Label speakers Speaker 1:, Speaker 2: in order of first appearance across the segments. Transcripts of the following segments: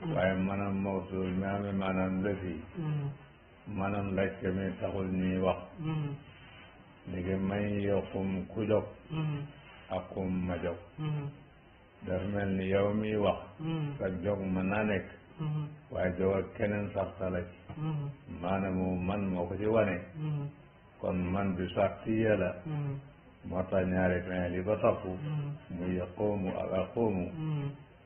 Speaker 1: Hmm. waaye maanaam mawsul mi amee maanaam lëfi hmm. maanaam laajte mi taxul ñuy wax ni hmm. ki may yoxum ku jóg ak ma jóg dafa mel ni yow miy wax sa jóg mën naa nekk waaye jóg ak keneen sax tala ci maanaam man moo ko ci wane kon man bi sartiya la moo tax ñaari fin li ba topp muy yaquumu ak aquumu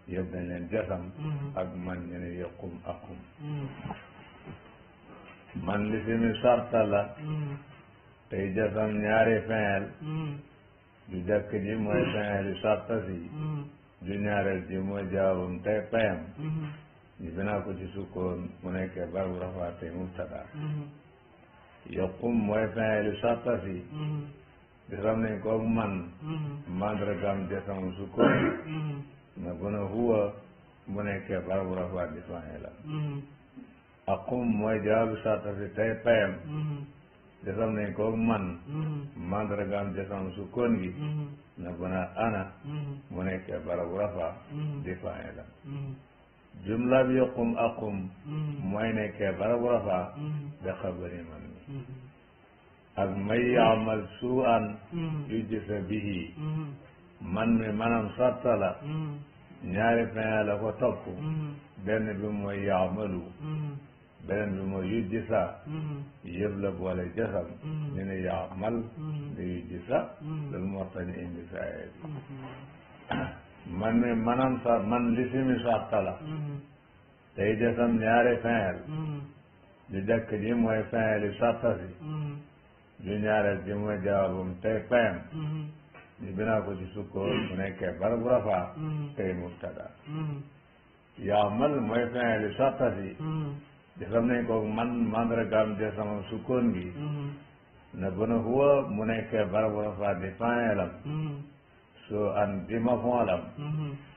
Speaker 1: yóbbu nañ jasam mm-hmm. ak man ñu ne yokkum akum mm-hmm. man li si mi sarta la mm-hmm. tey jasam ñaari fenel ju jàkk ji mooy fenel yi sarta ju ñaareel ji mooy jaawum tey payam ñu binaa ko ci sukkoon mu nekk barbu rafaa tey mubtada yokkum mooy fenel yi sarta jasam nañ ko man mandragam jasam sukkoon na gën a huwa bu nekkee barabu rafa di fane mm-hmm. aqum mooy jawaabi sarta si tey payam mm-hmm. desam nañ ko man mm-hmm. mandargaam desam su koon gi na gën ana bu nekkee barabu rafa di fane jumla bi yokkum aqum mooy nekkee barabu rafa de xabari man mi ak may yaamal suu'an yujisa bihi man mi maanaam sarta la mm. ñaari fin ko topp mm. benn bi mooy yaamalu mm. beneen bi mooy yujjisa yëpp la boole jasam ñu ne yaamal ne yujjisa loolu moo tax ñu indi saye
Speaker 2: mm-hmm.
Speaker 1: man mi maanaam sa man li simi sarta la mm-hmm. tey jasam ju jëkk ji mooy fin li sarta si ju ñaareel ji mooy jawaabum tey payam بنا کو جسو کو سنے کے بر برفا کئی مبتدا یا مل میسے لساتا جیسا ہم نے کو من ماندر گام جیسا ہم سکون گی نہ بن ہوا منے کے بر برفا دیپائیں علم سو ان دیما علم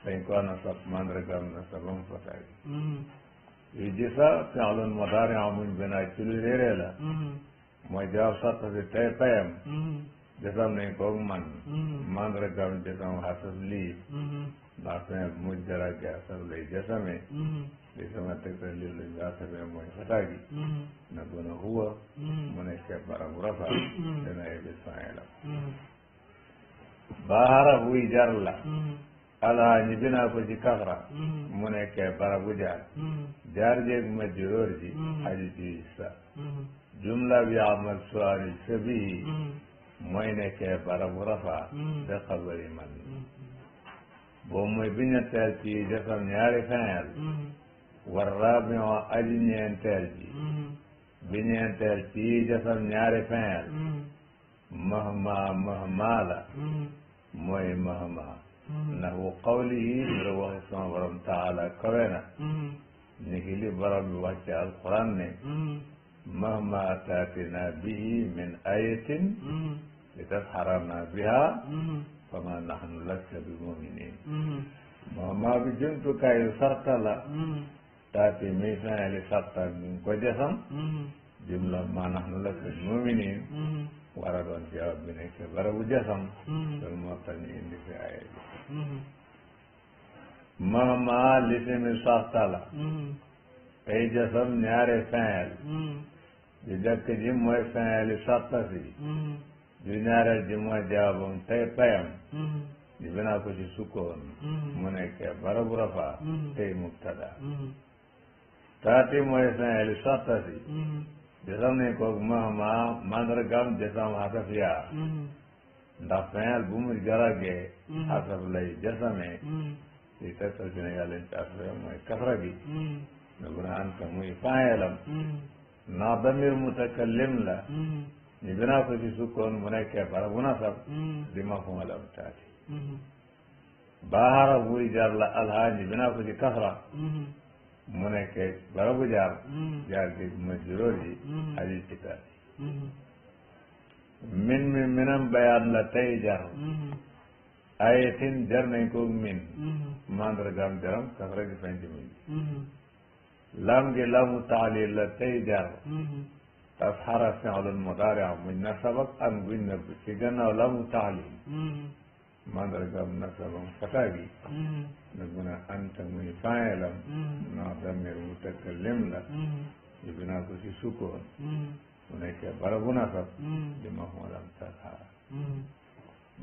Speaker 1: کہیں کو نہ سب ماندر گام نہ سب ہم پتہ یہ جیسا فعل مدار عامل بنا چلی رہے رہلا مجاو ساتھ سے تیم jësam nañ koog man mm-hmm. mandargaam jësam xasab lii mm-hmm. ndax sama muj daraja xasab lay jësamee mm-hmm. li sama tegtal lii lu ñu xasabee mooy fataa gi na gën a huwa mu nekkee barab rafa dana yebi sangelam ba haraf wuy jar la alaa ñi binaa ko ci kasra mu nekkee barabu jaar jaar jeeg majruur ji aju ci sa jumla bi amal suwaari sabihi mooy nekkee barabu rafaa mm. de xabari man mm-hmm. boobu mooy bi ñetteel ci jëfam ñaari feneel mm-hmm. war rabion aji ñeenteel ji mm-hmm. bi ñeenteel ci jëfam ñaari feneel mahma mahma la mooy mahma ndax bu qawli yi ngir waxi taala kawe na li borom bi wax ci alquran ne مهما تاتنا به من آية لتسحرنا بها فما نحن لك بمؤمنين مهما بجنتك يسرت لا تاتي ميسان لسرت من كجسا جملة ما نحن لك بمؤمنين ورد جواب من كبر جسم فالموطن عندي في آية مهما لسم سرت لا أي جسم نار فعل ju jëkk ji mooy feneeli a ju ñaareel ji mooy jaabam tey payam ji mm-hmm. binaa ko ci sukkoon mm-hmm. mu nekkee barabu rafaa mm-hmm. tey mubtada taati mooy feneeli sàqasi jësam nañ koog mahma mandargam jësam xasaf yaa ndax feneel bu mu garagee xasaf lay jësamee si tegtal ci ne yàlla ci asafee mooy kasra gi bu na anta muy faneelam ndax damir mutakallim la ñu binaa ko ci sukkoon mu nekkee bara mm-hmm. mm-hmm. bu nasab di maf'uul am taati baa xaraf buy la alhaa ñu binaa ko ci kasra mm-hmm. mu nekkee bara bu jaar jaar gi majruur ji aju ci taati min mi minam bayaan la tey jaar ayatin jar nañ ko min mandargaam jaram kasra gi feeñ ci min lam gi lamu taalil la tey jaar mm-hmm. tas xara fi'lun mudaari' muñ na sabak ak buñ na ci gannaaw lamu taalil mm-hmm. mandargam nasabam fataa gi mm-hmm. nag mu ne anta muy fa'ilam naa damir mutakallim la yóbbu naa ko ci sukkoon mu nekkee barabu nasab di maf'ulam tas xara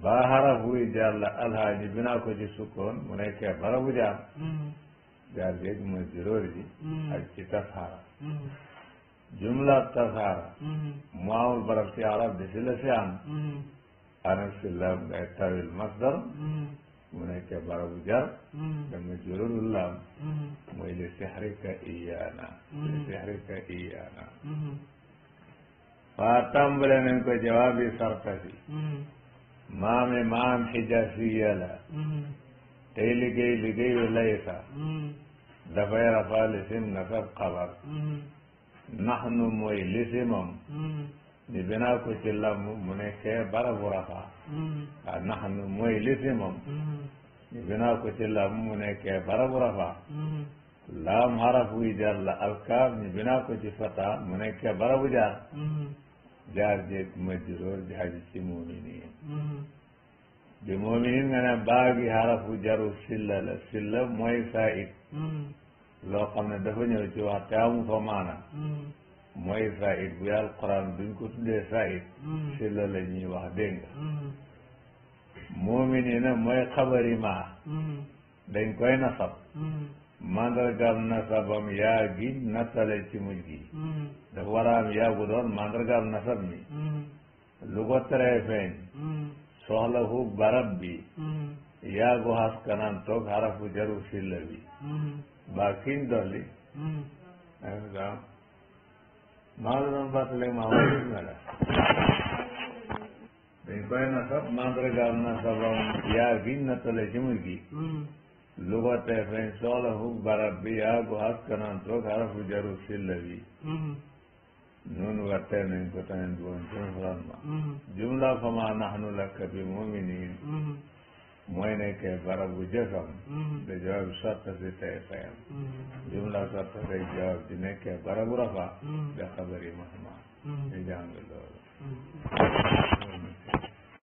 Speaker 1: baa xara jaar la alhaaji bi naa ko ci sukkoon mu nekkee barabu jaar gaal géej mooy juróor ji mm-hmm. ak ci tasaara mm-hmm. jumla tasaara mm-hmm. mu amul barab si arab bi si la si am anak si laam ngay masdar mu nekkee barabu jar dama juróorul laam mooy li sixrika iyaana li sixrika iyaana waa tàmbale nañ ko jawaabi sartasi maami maam xijaasiya la tey liggéey liggéeyu laysa mm-hmm. dafay rafaa lisim nasab xabar mm-hmm. naxnu mooy lisimam ñu mm-hmm. binaa ko ci làmm mu nekkee barabu rafaa ko ci làmm mu nekkee barabu rafaa laam xarafu yi jar la alkaaf ñu binaa ko ci fata mu nekkee barabu jaar jar jéeg ma juróor ji ci muuminiin bi moominin nga ne baa gi jaru silla la silla mooy said hmm. loo xam ne dafa ñëw ci wax te amu fa maana hmm. mooy said bu yàlla quran duñ ko tuddee said hmm. silla la ñuy wax dégg nga moominina mooy xabari maa dañ koy nasab mandargaam nasabam yaa gi nattale ci mujj gi dafa war a am yaa gu doon mandargaam mi lu ko teree feeñ ہو برب بھی یا گو ہاتھ کرنا تو خارا پوجا شیل بار کن دلی گاؤں میرے مال ملا مساؤن نہ مرغی لوگ سولہ ہوں گارابی یا گو ہاتھ کرنا تو جرو جا رہی noonu wartee nañ ko tamit woon ci alxuraan ma jumla fa maa naxnu laka bi muminin mooy nekkee barabu jëfam da jawaab sotta si tey fayam jumla sotta tey jawaab di nekkee barabu rafa da xabari mahma ñu jàng loolu